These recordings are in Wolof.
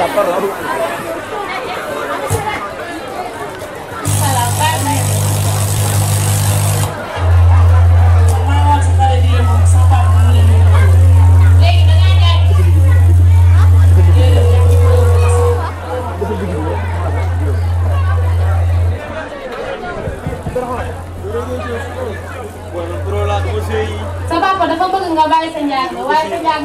Dapur lalu. Sa papa dafa bëgg bayar bàyyi sa njàng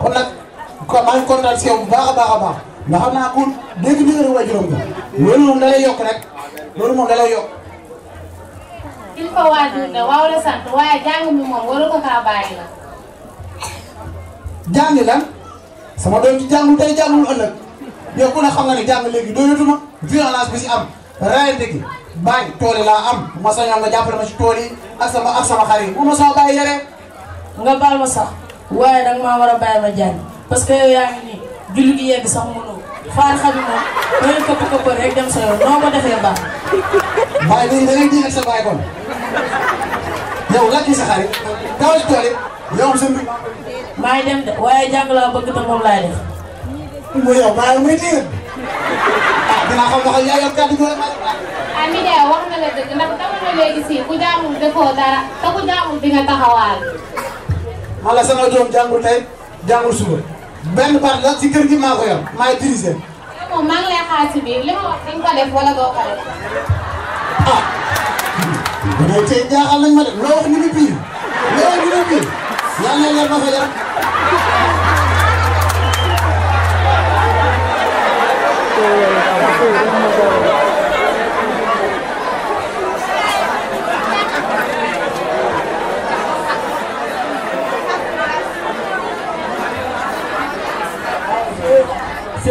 kon nag kon maa si yow bu baax a baax a baax ndax xam naa ku dégg dëgg rek waajuram ko loolu moom da lay yokk da lay yokk. il faut waajur de waaw la sant waaye jàng mi moom waru ko kaa bàyyi la. jàng lan sama doom ci jàngul tey jàngul ëllëg yow ku xam nga ne jàng léegi doyatuma violence bi si am rayante gi bàyyi tool yi laa am bu ma sañoon nga jàppale ma si tool yi ak sama ak sama xar yi bu ma sama nga baal ma sax. waye nag ma wara baye ma parce que yow ngi julli gi yegg sax mënu faar xam ñu ko ko ko rek dem sa yoon ko defee baax waaye da ngay ji sa baye kon yow la ci sa taw ci tole yow sëñ bi maa dem de waye jang la bëgg ta mom lay def mu yow baye muy xam waxal ah, ku jaamul dara ku jaamul di nga taxawaal man la sama doom jàngul tey jàngul suba benn part la ci kër gi maa ko yor maay dirigé. moom maa ngi lay xaar ci biir li ma wax dañ def wala doo ko def. ah. mais tey jaaxal nañ ma loo ni mu biir loo ni mu biir yal na leer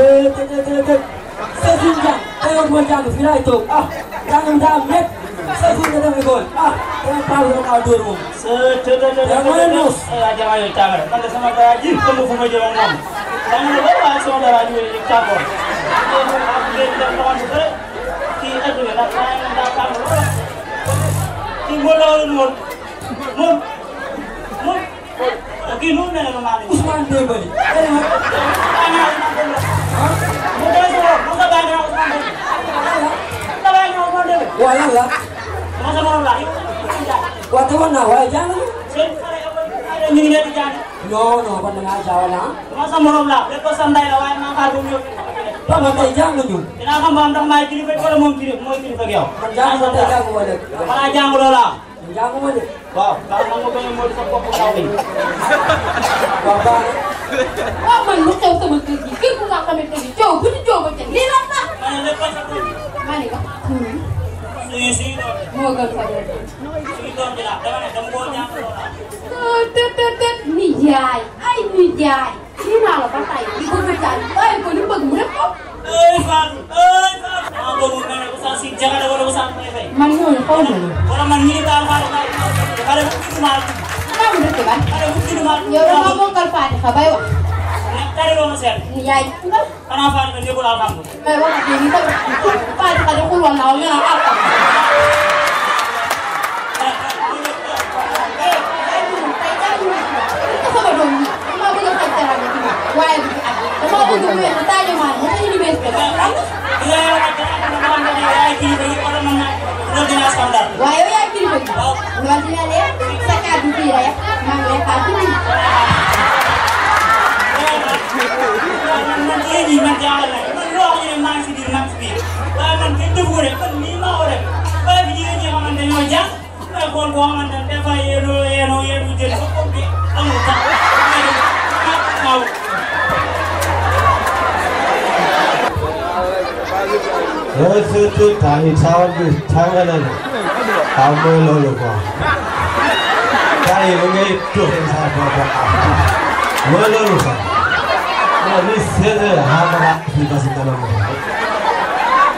chết chết sẽ xin rằng tay ông quân jam ở phía này tổ à đang ông jam nhất sẽ xin ra đây gol à đang bao giờ nào đuổi mùng sẽ chết chết chết chết manus là jam ayo jam này đang sama ta jin kamu pun mau jam nam đang nó bắt lại sama ta jin jin jam rồi khi anh được đặt ra đặt ra một lúc thì mua lâu một một một cái nút này là mà Usman Dembele waaw lan la. waaw tawoon naa waaye jàng na. ñu ngi leen di jàng. non non kon da ngaa jaawale ah. dama sa morom la lépp sa ndey la waaye maa faa doon yóbbu. waaw man kay jàng ñu. dinaa xam ba am ndax maay kilifa wala moom kilifa mooy kilifa ak yow. man jàng man kay jàngu ma dëkk. maanaam jàng loola. jàngu ma dëkk. waaw ndax man ma bañ a mën sa bopp kaw bi. waaw baax na. waaw man lu xew sama kër gi kër bu nga xamante ni coow bu ñu coow ba ca lii lan la. ma ne ko. suy suy doon. moo gën fa doon. suy doon bi la dama ne dama koo ñaan loola. të të të ni jaay ay ni jaay lii naa la ba tay di bëgg jaay waaye ko li bëgg mu def ko. ay fan ay fan. maa bëggul nga ne Ousseyn si jagale wala Ousseyn Faye. man ñooñu xaw ma wala man ñi daal maa dafa def kamu ngerti kan? Ada bukti dengan. Ya udah ngomong kalau Pak, kabar ya. Dari ruang sen. Iya, itu kan. Kenapa anda dia pulang kamu? Memang dia minta Pak, kalau aku luar lawannya apa? Why are you acting? What's the matter? vì đẹp mà đẹp là chính mình Nanti di mana lah? Mana ruang yang mana sih di mana sih? Lain kita boleh, kan lima orang. Baik dia ni orang dan orang Nah, kon kon dan dia bayar dulu ya, no ya, hujan cukup di anggota. Kau. Rồi, tôi tôi tại sao tôi thắng cái này? Tao mới lôi được vào. 다이 여기 또행사 보고 월로로서 우리 세대 하나가 비가신다는 거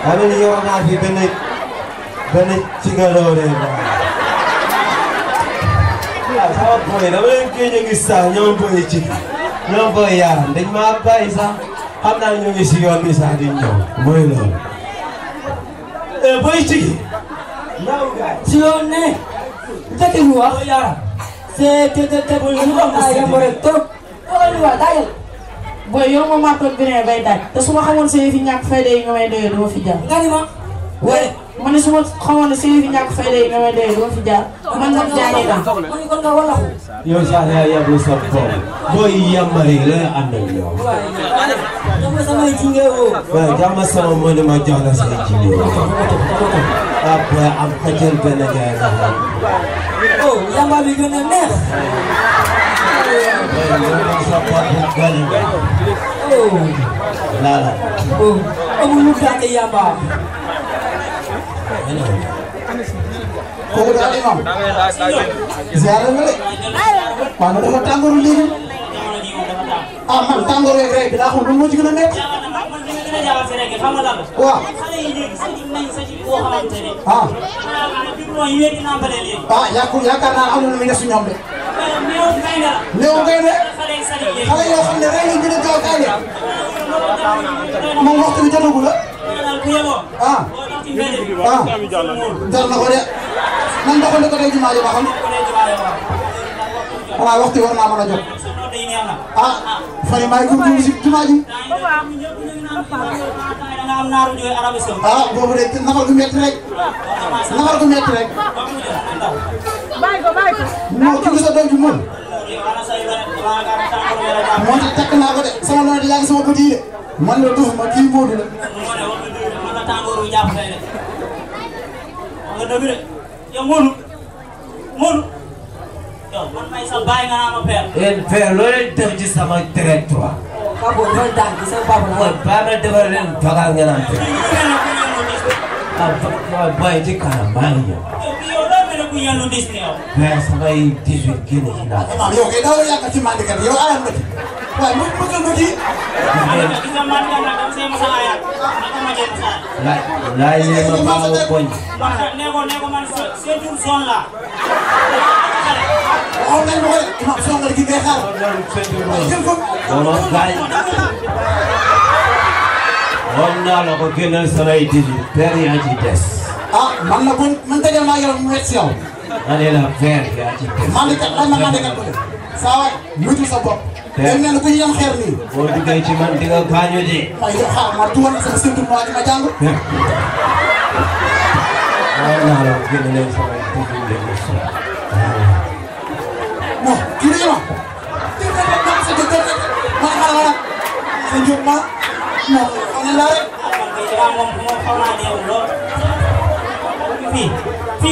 아니 이거 하나 비변이 변이 찍어놓으래 야 사업 보이 나면 괜히 있어 년 보이 찍 넘버야 내마 아빠 이사 함난 용이 시간 미사 딩요 월로 에 보이 찍 나오가 지원네 你在干什么？te te te te booy yow lu wax maa toog beneen bay daaj. te su ma xamoon sa yëfi ñàkk fayda yi nga may doyee doo fi jaar. nga ni ma. waaye ma ne su nga may doyee doo fi jaar. man nag na ma ni kon nga walaxu. yow sax yaa yablu sa bopp. booy yàmbari la sama jinge woo. waaw jàmm sama ma ne ma jox la sa jinge woo. ah booy am xajal benn jaay nga Oh, yang babi gue nendes. Oh, lala. Oh, kamu lupa ke ya, Pak. Kok udah ada, Mam? Ziarah balik. Mana dapat ini? Aman, tanggul ya, Greg. Bila aku nunggu juga nendes. a jaxase rek xam nga lan la. waaw xale yi léegi sëñ nañ sëñ boo xamante ne. ah xanaa maanaam biberon yi wér di nàmpale léegi. ah yaakaar naa am na lu muy def si ñoom de. néew ngay ne la. néew ngay ne. xale yi sëñ yi xale yoo xam ne rey nañ gën a gaaw kay de. moom waxtu bi jotagul la. ah. ah jar na ko de. nan doxalee ko tey jumaa ji ba xam. waaw waxtu war naa mën a jot. ah Faye maa ngi góorgóorlu si jumaa ah boobu de nafar gu métti rek. nafar gu métti rek. non ci gis nga doom moo takk naa ko de sama loolu yaa ngi sama bët yi de. man la duuf ma kii Modou la. yow man may sa bàyyi nga naa ma père. yéen père loo leen def ci sama traite trois. papa loolu daal di sama papa la. mooy baa nga defar leen bagaar nga naan père. ah waaw bàyyi ci kanam maa ngi ñëw. yow loo mel ne ku yàllu dis ni yow. mais samay 18 génn ci naa. waaw yow kay daaw yàgg ci mandikat yow ayam na ci. waaye mu bëgg na ci. la la yéema maa ngi koñ. ne ko ne ko man seen tur son la. xool nañ ko de Imam Songar gi ngay xaar. looloo gaañ. xool naa la ko génneel salay tëji per yaa ci des. ah man na buñ man dajal maa yow mu wet si yow. ma ne la per yaa ci des. man de kat lan la maa de kat ko de. saa waay wutul sa bopp. dem na ku ñu yam xeer nii. boo duggee ci man di nga gaañu de. waaye yow xaar ma tuwal sama surtout ma di ma jàng. xool naa la ko génneel salay tëji Gini loh. Makanya sejuk mah. Nah, kalau lari. Kamu mau kau nanti ulo. Fi, fi,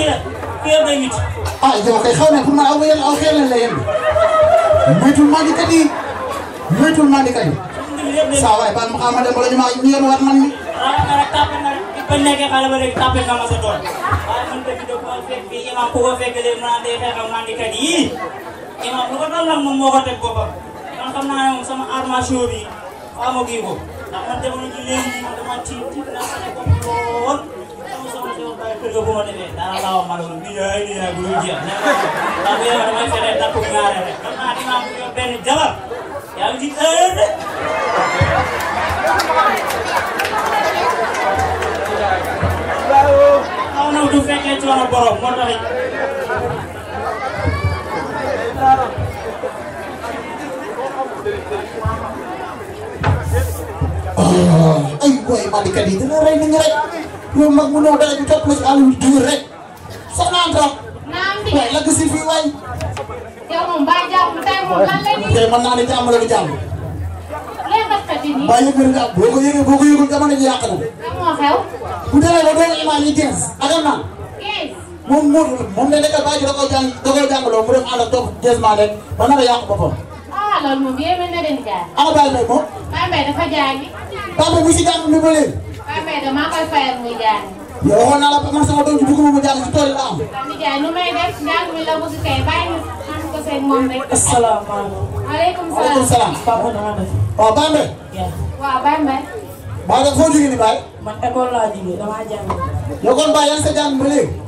fi apa ini? Ah, itu kayak kau awal yang awal yang lain. Metul mandi tadi, metul mandi tadi. Sawah, pan makaman dan boleh nyemak nyer warna ni. Pendek kalau boleh tapir sama sedot. Kalau pendek hidup kau fi, fi yang aku kau fi kalau mandi kau mandi tadi imam lu ko dal lang moom moo ko teg boppam man xam naa ne moom sama armation yi xamoo kii ko ndax man jamono ji léegi man dama tiit tiit naa sa ne ko lool sama sama sama bàyyi kër ga bu ma demee dara laa wax malo ni yaay ni yaay bu lu jeex ndax bu yàlla damay feneen takku ñaare rek xam naa dinaa ko yor benn jabar yaa ngi ci heure de xaw na du fekkee coono borom moo tax Oh, ayo, ay gue mati ka dito na rin ng rek. Yung magmuno na yung top mas alam yung rek. Saan na ito? Nambi. lagi si Fiway. Yung mong baja, tayo mong lalani. Tayo mong nani tayo mong lalani. Lepas ka dini. Kamu akaw? Kuda na, kuda na iman ni Jens. Yes. moom Modou moom la nekk bàyyi da koo jàng da mu dem ànd ak topp gisement rek ba nar a yàq boppam. ah loolu moom yéeme na leen jaar. ana Baye Mbaye moom. Baye Mbaye dafa jàngi. Baye de maa koy fayal muy jàng. yow waxoon naa la man sama doom ji bëgguma mu jàng la am. Sani Ndiaye nu may def jàng mi la bëgg kay bàyyi ñu xam ko seen moom rek. asalaamaaleykum. maaleykum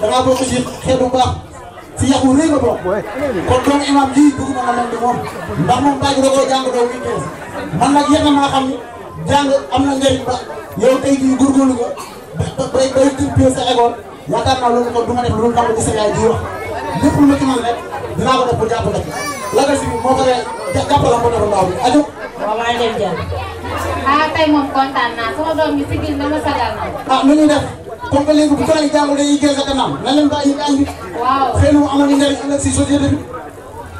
dangaa bokk ci xeet bu baax ci yàqu rëy nga bokk kon doomu imaam ji bëgguma nga mel ni moom ndax moom bàyyi da koo jàng doo wii kees man nag yéex na maa xam ni jàng am du ma def loolu nangu def pour jàppale ko Latir si moo ko dee jàppale ko defoon daaw bi aju. waaw maa ngi leen moom kontaan naa sama doom bi si biir dama sagal na. ah nu ñuy def. kon ba léegi bu ko dalee jàngu dañuy gën a gannaaw na leen bàyyi ñu àndi. waaw xëy na mu amoon njëriñ ëllëg si société bi.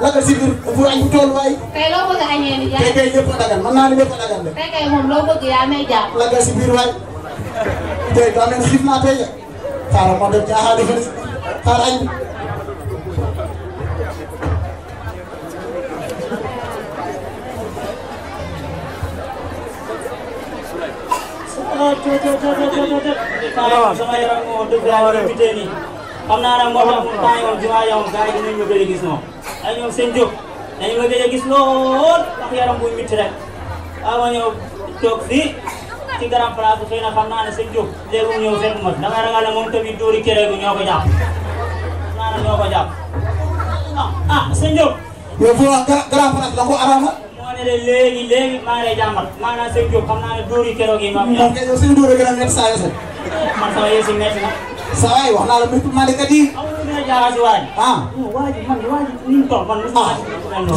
lagal si biir bu añ bu tolluwaay. tey loo bëgg a añee ni jaay tey kay ñëpp a dagan naa ne ñëpp a dagan de. tey kay moom loo bëgg yaa may ni xiif naa tey de. xaaral ma dem jaaxaale fële xaaral añ. xam naa nag moo tax temps yi moom jumaa yi moom gars yi dinañ ñu gëj a gis moom ay ñoom seen jóg dañu ma gëj a gis lool ndax yaram buñ mitti rek waaw ma ñëw toog fii ci grand place bi xëy na xam naa ne seen jóg léegi mu ñëw fekk ma damay ragal ne moom tamit dóori kere bi ñoo ko jàpp xam naa ne ñoo ko jàpp ah ah seen jóg yow foo grand place da ko arama ne de léegi léegi maa ngi lay jàmbat maanaam sëñ Diop xam naa ne dóor yi keroog yi. maanaam yow kay suñu dóor yi gën a nekk saa yoo set. man sama yéesi métti na. saa waay wax naa la mbir maa lekk di. amul lu gën a jaaxal si waa ji. ah waa ji man waa ji ni mu toll man. ah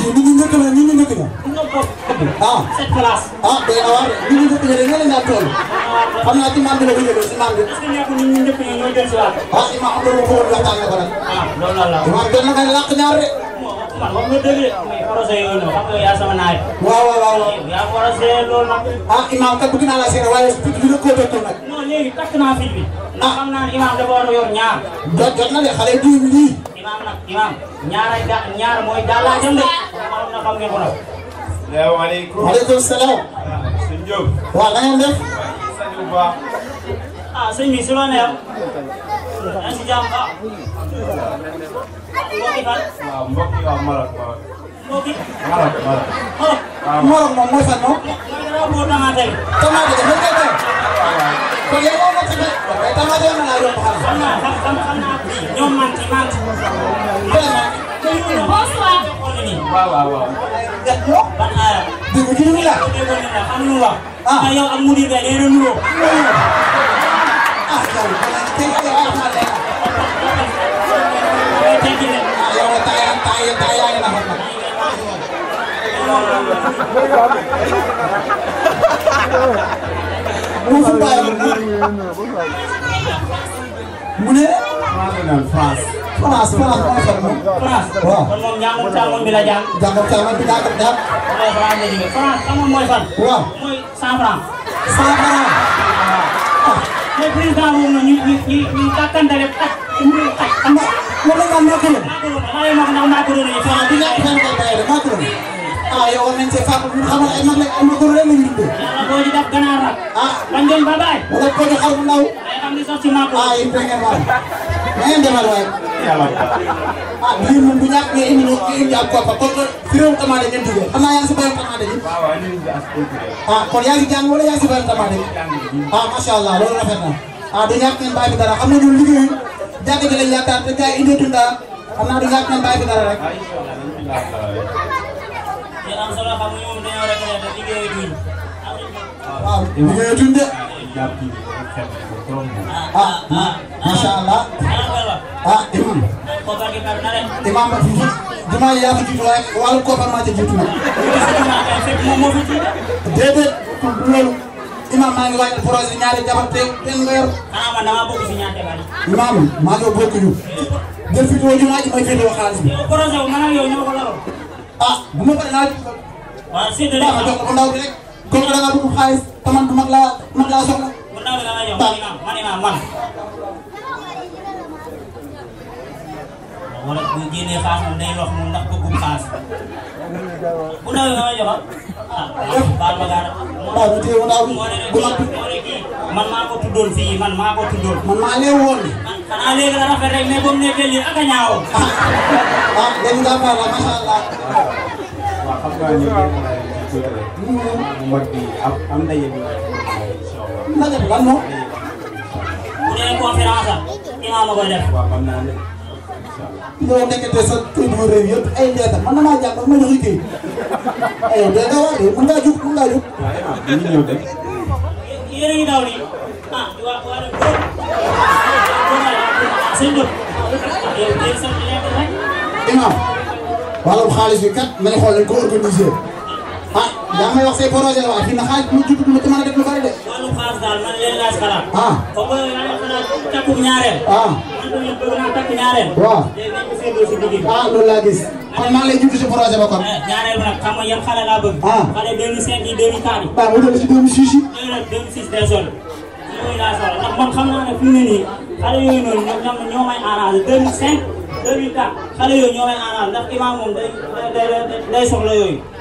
ñu ñu njëkk la ñu ñu njëkk la. nga ko ah cette place. ah day awaar ah, ñu ñu njëkk la de ñeneen ñaar toll. Ah. xam naa ci màgg la bu njëkk si màgg. est-ce que nekkul ñu ñu njëkk ñoo jël si waat. ah si maa xam ne moom foofu la tànn ko nag. ah loolu la la. waaw gën na ngay làq ñaar de. man moom nga déggee. muy procès yooyu noonu xam nga yaa sama naay. waaw waaw waaw yaa procès loolu nag. ah imaam kat bëgg naa la seere waaye fit bi rek koo jottoon nag. non léegi takk naa fit bi. ah xam naa ne imaam dafa war a yor ñaar. jot jot na de xale yu lii. imaam nag imaam ñaaray da ñaar mooy daal laa jëm de. xam na xam ngeen ko nag. salaamaaleykum. waaleykum salaam. waaw sëñ Diop. waaw na ngeen def. waaw 啊，是女士乱聊。南溪江啊。Ngoki kan? Ngoki kan malat malat. Ngoki. Malat malat. Malat. Malat mau mau sano. Kita mau tangan deh. Tangan deh, betul deh. Kalian mau mau cepat. Tangan deh mana ada paham. Sana, sana, sana. Nyom manti manti. Boswa. Wah wah wah. Jatuh. Dulu dulu lah. Dulu dulu lah. Anu lah. Ayo amudi beleru dulu. Musu bayram le président moom ñu ñu ñu ñu kàkkandale xaj mu xaj xam nga. wala nga Macron. Macron la waaw bi nga Macron. ah yow war nañu see fàq bu xamal ay mag ay Macron rek la ñu tuddee. yàlla boo di def gànnaar ah bañ doon ba bàyyi. wala boo di xar bu ndaw. ay am li sax ci Macron. ah na ngeen demal waay. ah lii moom bu ñàkk ngay indi indi ab koppar kon fi réewum commandé ngeen dugal xam naa yaa ngi si bayam commandé bi. ah kon yaa ngi jàng wala yaa ngi si bayam commandé bi. Ah, ah, du ñàkk ngeen bàyyi bi dara xam nga du ñàkk ngeen bàyyi bi dara rek. am solo jàpp ci xel bu borom ah ah macha allah ah yaa fi jiitu waaye wàllu koppar maa ca jiitu déedéet loolu imam maa ngi waaj projet ñaari jabar te benn weer ah man dama bokk si ñaari jabar imam maa may fi xaalis bi projet bu ko laroon ah bu ma paree naa waaw séddale ma jox ko bu ndaw bi rek kon nga da ngaa bëgg xaalis te man mag laa mag mana soxla. mana mana, la dana yow man imaam man imaam man. wala bu Mana mana moom day wax Mana ndax bëggum xaas bu nawee mana jox ah baal ma gaara. waaw bu tee wala bu bu ma man maa ko tuddoon fii man maa ko tuddoon. man maa lee woon. xanaa léegi la rafet rek mais ba mu nekkee lii ak a ñaawoo. ah ah dañu daa baal allah. waaw xam nga tuuti rek. mu mot bi am am ndaje bi. ndaje bi lan moom. bu dee conférence am. imaam a koy def. waaw xam naa ne. yow nekkate sa kër bu réew yëpp ay leetar man damaa jàpp ma jox kii. aywa day dawal de mun ngaa jóg mun ngaa jóg. waaw imaam dañuy ñëw de. yéen a ngi daw nii. ah waa waa sëñ bi. imaam wàllum xaalis bi kat nañ xool nañ ko organiser. yaa may wax say projet waaye fii na xaalis mu judd lu ci mën a def lu bari de. wàllu xaalis daal man leen laaj xalaat. ah comme yaa ngi xalaat takku ñaareel. ah man tamit bëgg naa takku ñaareel. waaw léegi nañ ko ah, loolu laa gis. kon maa lay judd si projet ba kon. Eh, ñaareel ba xale laa bëgg. ah xale 2005 yi 2004 yi. waaw mu dellu si 2006 nag 2006 day nii xale xale yooyu ñoo may arrangé ndax imam moom day soxla yooyu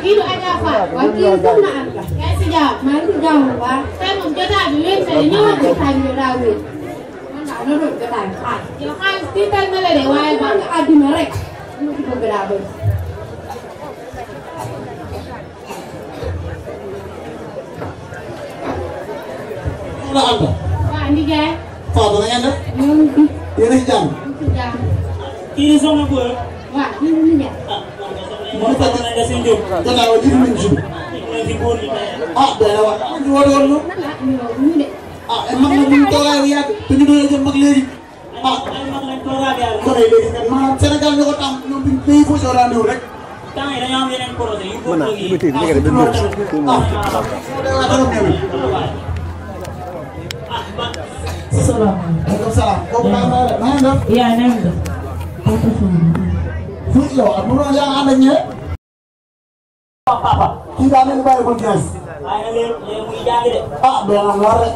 Kita aɗafa wakil ini anka kay moom sax dana dese ñëw. gannaaw jiw nañ si. ah dana wax ah ñu woote woon ñoom. ah mag na buñ toogaay bu yàgg te ñu doon jëm mag léegi. ah kon ay léegi kat maanaam Sénégal ñu ko tàmm ñoom biñ béy foo soo rendez-vous rek. temps yi dañoo am yeneen projet yu bokk ak yi ah salaamaaleykum salaam. kooku maa ngi lay def maa ngi lay def. yaa ngi lay def. Fouta yow ak mënoo jaaxal nañ ñëwee. wax papa. kii daa mel ni bàyyi ko Dias. waaye nag léegi léegi muy jàng de. ah mais nag war rek.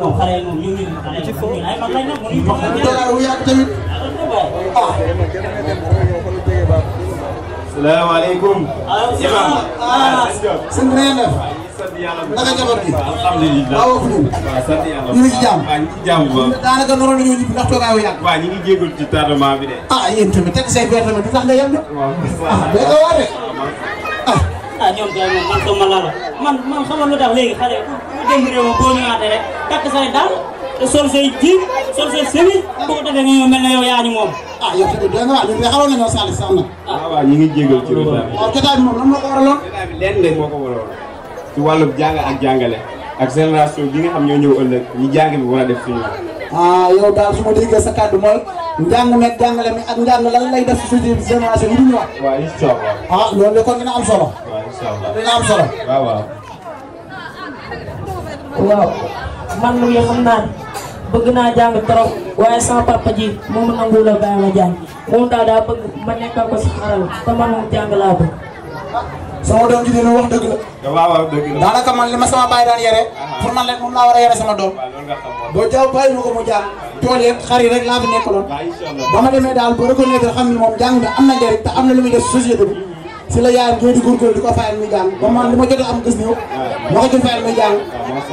moom xale yi moom ñu ngi nii ay mag lañ nag mënuñu ko. jëlaat wu yàgg tamit. ah. salaamaaleykum. allo. imam ah sëñ bi na ngeen def. naka njaboot gi. alhamdulilah waaw fu ñu. waaw sant yàlla. ñu ngi ci jàmm. waaw ñu ngi ci jàmm bu baax. daanaka naroon nañoo ñibbi ndax toogaayu yàgg. waaw ñu ngi jégalu ci tardement bi de. ah yéen tamit teg say verre tamit du tax nga yem de. waaw ah day ko war de. ah ñoom tey moom man toog ma lala man man xamal lu tax léegi xale bu bu démb réewam boo ñëwaatee rek takk say daal sol say jiir sol say semis ñu moom. Ah ah. Ah, ngi jégal ci retard bi. waaw jotaay bi moom moo ko waraloon. jotaay bi lenn rek moo jàng ak jàngale ak génération bi nga xam ñoo ñëw ëllëg ñu jàng bi war a def fi ñu. ah yow daal su ma déggee sa kàddu mooy njàng ak njàng lan lay def am solo. dina am solo waaw waaw. waaw man xam naa bëgg naa jàng trop waaye sama papa ji moom nanguwul a bàyyi ma jàng moom daal daa bëgg ma nekkal ko si xarala te man moom jàng laa bëgg. sama doom ji dëgg la. waaw waaw dëgg la daanaka man li ma sama bàyyi daan yere. pour man leen moom laa war a yere sama doom. boo jaaw bàyyi ma ko mu jàng. tool yeeg rek laa fi nekkaloon. ba ma demee daal bu reconnaître xam ni moom jàng bi am na njëriñ te am na lu muy def société si la yaayam jooy di góorgóorlu di ko fayal muy jàng ba man li ma jot a am gis ñëw ma ko jël fayal muy jàng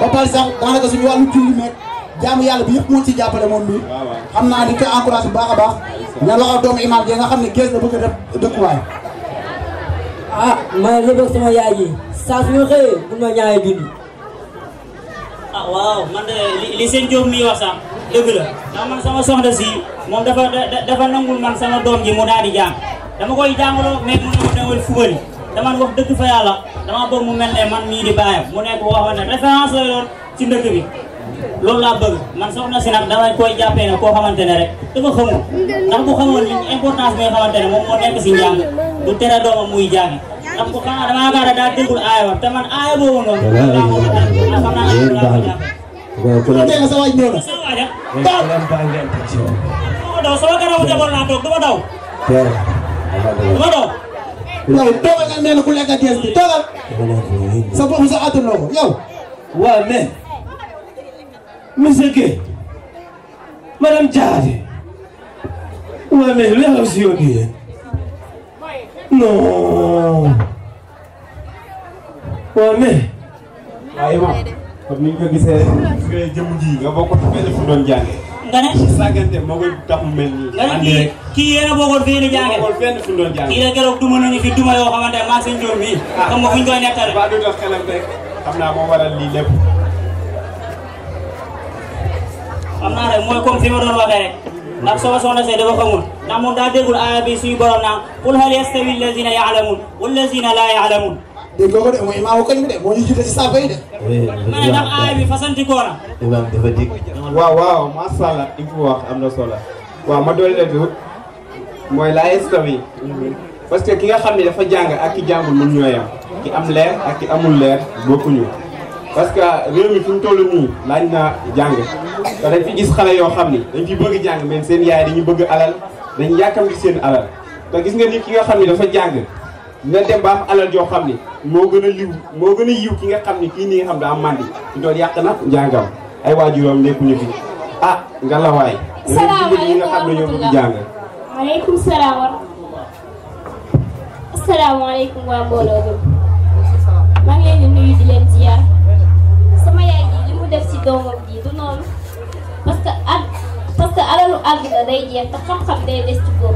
ba pare sax daanaka suñu wàllu julli meeg jaamu moo ci jàppale moom bi xam naa di ko encourage baax a baax na loxo doomu imaam jee nga xam ne gees la bëgg a dëkkuwaay ah ma lëbëg sama yaay ji saa suñu xëyee mun ma ñaari junni ah waaw li seen jóom mi wax dëgg la ndax man sama soxna si moom dafa dafa nangul man sama doom ji mu daal di jàng dama koy jàngaloo mais mu ne ma newal fubali dama wax dëgg fa yàlla dama bëgg mu mel ne man mii di bàyyam mu nekk boo xam ne référence ndëkk bi loolu laa bëgg man soxna si nag damay koy jàppee ne koo xamante ne rek dafa xamul ndax bu xamoon importance bi nga xamante ne moom moo nekk si njàng du tere doomam muy jàng ndax bu xanaa damaa gaara daa déggul aaya wax te man ku ma dégg sa waaj ñëw na. daal laa toog du nga nee ku lekk ak yéen bi toogal. sa bopp sa attanoo ko yow. waaw mais. monsieur Guèye. madame Diakhaté. waaw mais si yóbbu yéen. non. waaw mais. ma. kon ni ñu ko gisee gis jëmm ji nga bokkoon fenn fu doon jànge nga ne sàggante moo koy tax mu mel nii nga ne kii kii yéen a bokkoon fenn jànge bokkoon fenn fu doon jànge kii la keroog duma nañu fi duma yoo xamante maa seen joor mii ah. xam nga fu ñu koy nettale ba du tax xelam rek xam naa moo waral lii lépp xam naa rek mooy comme fi ma doon waxee rek ndax soo soxna see dafa xamul ndax moom daa déggul aaya bi suñu borom naan qul hal yastawi allazina ya'lamun wallazina la ya'lamun dégg nga ko de mooy imaamu kañ de moo ñu jiite ci saaba yi de. ma ne ndax aay bi fasanti koora. dafa dégg. waaw waaw macha allah li mu wax am na solo waaw ma doole leen tuut mooy la yi. parce que ki nga xam ne dafa jàng ak ki jàngul mu ñoo yam ki am leer ak ki amul leer bokkuñu parce que réew mi fi mu toll nii laaj na jàng te dañ fi gis xale yoo xam ni dañ fi bëgg jàng mais seen yaay dañu bëgg alal dañu yàkkamti seen alal te gis nga nit ki nga xam ne dafa jàng. na dem ba am alal joo xam ni moo gën a yiw moo gën a yiw ki nga xam ne kii nii nga xam daa màndi ci doon yàq na njàngam ay waajuram nekkuñu fi ah nga la waay ñi nga xam ne ñoo bëgg jàng aleykum salaam wa asalaamaaleykum bi maa ngi mu def ci doomam ji du noonu que ak jeex te xam-xam day des ci góob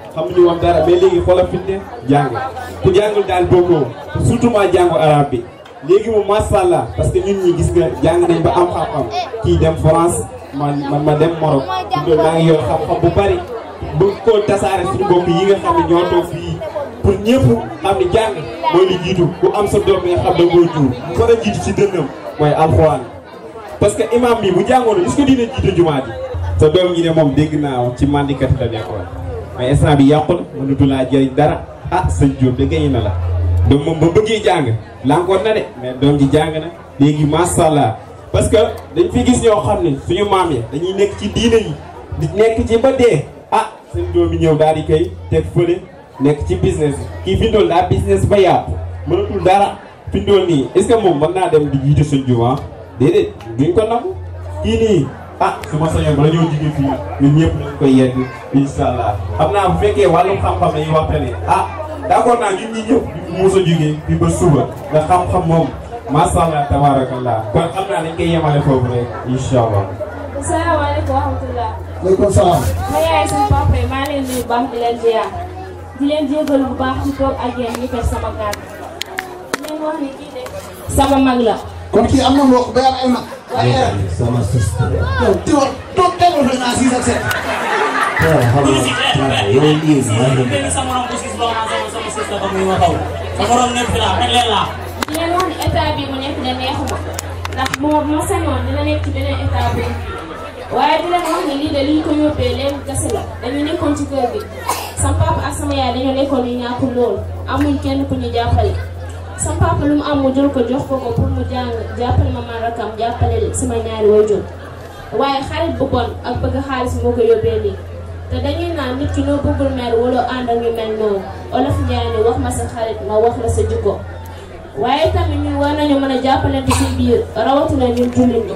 xamuñu wax dara mais léegi xoolal fi ne jàng ku jàngul daal bokkoo surtout maa jàngu bi léegi mu macha allah parce que ñun ñi gis nga jàng nañ ba am xam-xam kii dem France ma man ma dem Maroc ñu maa ngi yor xam-xam bu bari bëgg koo tasaare suñu mbokk yi nga xam ne ñoo toog fii pour ñëpp xam ne jàng mooy li jiitu ku am sa doom nga xam da nga mu war a jiitu ci dënnam mooy alxuraan parce que imam bi mu jàngoon est-ce que jiitu jumaa ji doom ñi ne moom dégg naa ci mandikat la mais instant bi yàqu la mënatu laa jëriñ dara ah sëñ Diop de gañe na la donc moom ba bëggee jàng lànkoon na de mais doom ji jàng na léegi macha allah parce que dañ fi gis yoo xam ne suñu maam yi dañuy nekk ci diine yi di nekk ci ba dee ah seen doom yi ñëw daal di koy teg fële nekk ci business kii fi ndool daa business ba yàqu mënatul dara fi ndool nii est moom mën naa dem di jiite sëñ Diop ah déedéet duñ ko nangu kii nii ah su ma sañoon bala ñëw jigéen fii ñun ñëpp dañ koy yegg incha allah xam naa bu fekkee wàllum xam-xam dañuy waxtaanee ah d'accord naa ñun ñi ñëpp mu mos a jógee fi ba suba nga xam-xam moom macha allah tabarakallah kon xam naa dañ koy yemale foofu rek incha allah. asalaamaaleykum wa rahmatulah. ma yaay suñu papa yi maa leen nuyu baax di leen ziar di leen jégalu bu baax ci toog ak yéen ñu sama gàll. di leen wax ni kii de mag la. kon kii am na ba yàlla ay mag. sama sista la. yow te toog teewul rek naa six ak sept. waaw xam nga nekk wax ne ndax moo moo sañoon dina nekk ci beneen état bi waaye di leen wax ne lii de ko yóbbee leen gase la dañu ci kër gi sama papa ak yaay dañoo nekkoon ñu ñàkk lool amuñ kenn ku ñu jàppale. sama papa lu mu am mu jël ko jox ko ko pour mu jàng jàppale ma man rakam jàppale sama ñaari waajur waaye xarit bu bon ak bëgg xaalis moo ko yóbbee lii te dañuy naan nit ki noo bëggul mer wala ànd ak ñu mel noonu olof Njaay ne wax ma sa xarit ma wax la sa jikko waaye tamit ñun war nañu a jàppalante ci biir rawatina ñun jullit ñi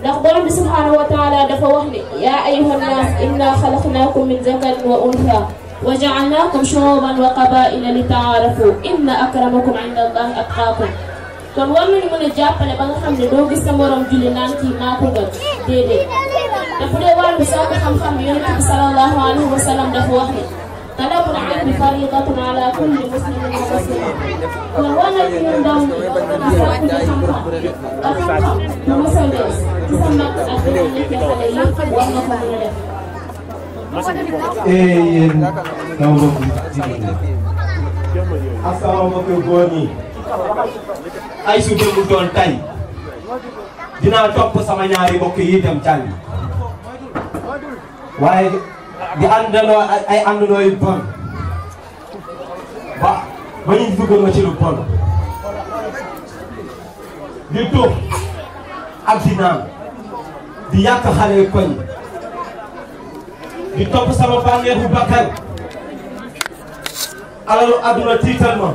ndax borom bi subhaanahu wa taala dafa wax ni yaa ayyuhan naas inna xalaqnaakum min zakarin wa unsa وجعلناكم شعوبا وقبائل لتعارفوا إن أكرمكم عند الله أتقاكم kon war nañu mën a jàppale ba nga xam ne doo gis sa morom julli naan kii maa ko gën déedéet te bu dee wàllu sàkk xam-xam yonent bi salallahu alayhi wa sallam dafa wax ne talabul ilmi faridatun ala kulli muslimin wa muslima kon war nañu ñun ndaw ñi sàkk ji xam-xam ba xam-xam bu mos a lees ci sa mag ak yeneen ñetti xale yëpp war nga ko mën a def ee yéen sama mbokk jigéen ñi ak sama mbokk góor ñi ay su démb doon tay dinaa topp sama ñaari mbokk yi dem jàngi waaye di àndandoo ay àndandoo yu bon ba ba ñu dugg ma ci lu bon di tuux ak di naan di yàq xale koñ di topp sama bànneexu bakkan alalu àdduna tiital ma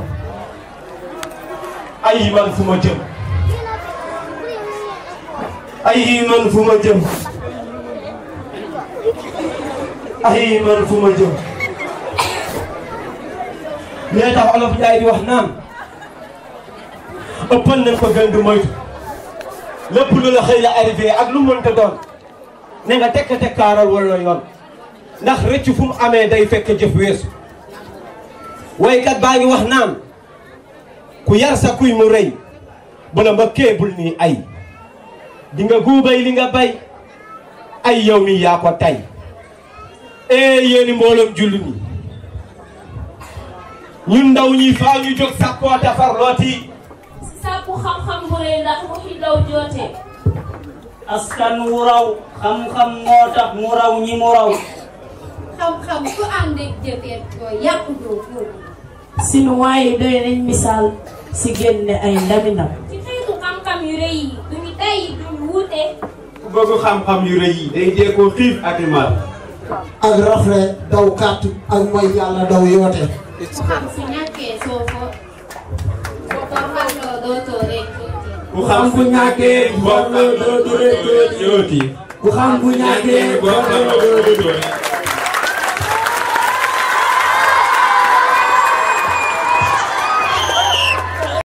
ay man ma ay man fu ma ay man fu ma nee tax olof Njaay di wax naan ëppal nañ ko gën du moytu lépp lu la xëy ak lu mënta doon ne nga tekk tekkaaral wala yoon ndax rëcc fu mu amee day fekk jëf weesu woykat baa ngi wax naan ku yar sa kuy mu rëy bu la mbëkkee bul ay di nga guubay li nga bay ay yow mi yaa tay ee yéeni mbooloom julli ñi ñun ndaw ñi faaw ñu jóg sàppoo defar looti sàppu xam-xam bu rëy ndax mu fi daw joote askan wu raw xam-xam moo mu raw ñi mu raw xam-xam ku ànd ak jëfee booy yàqu doo góob. Sinuwaa yi doy nañ misaal si génne ay ndami ndam. ci xeetu xam-xam yu rëy yi duñu tay yi duñu wuute. ku xam-xam yu rëy yi. day dee xiif ak imaam. ak rafle daw kàtt ak mooy yàlla daw yoote. ku xam si ñàkkee soo ko xam ku ñàkkee boo ko xam ku ñàkkee boo ko dootoo rek yooti.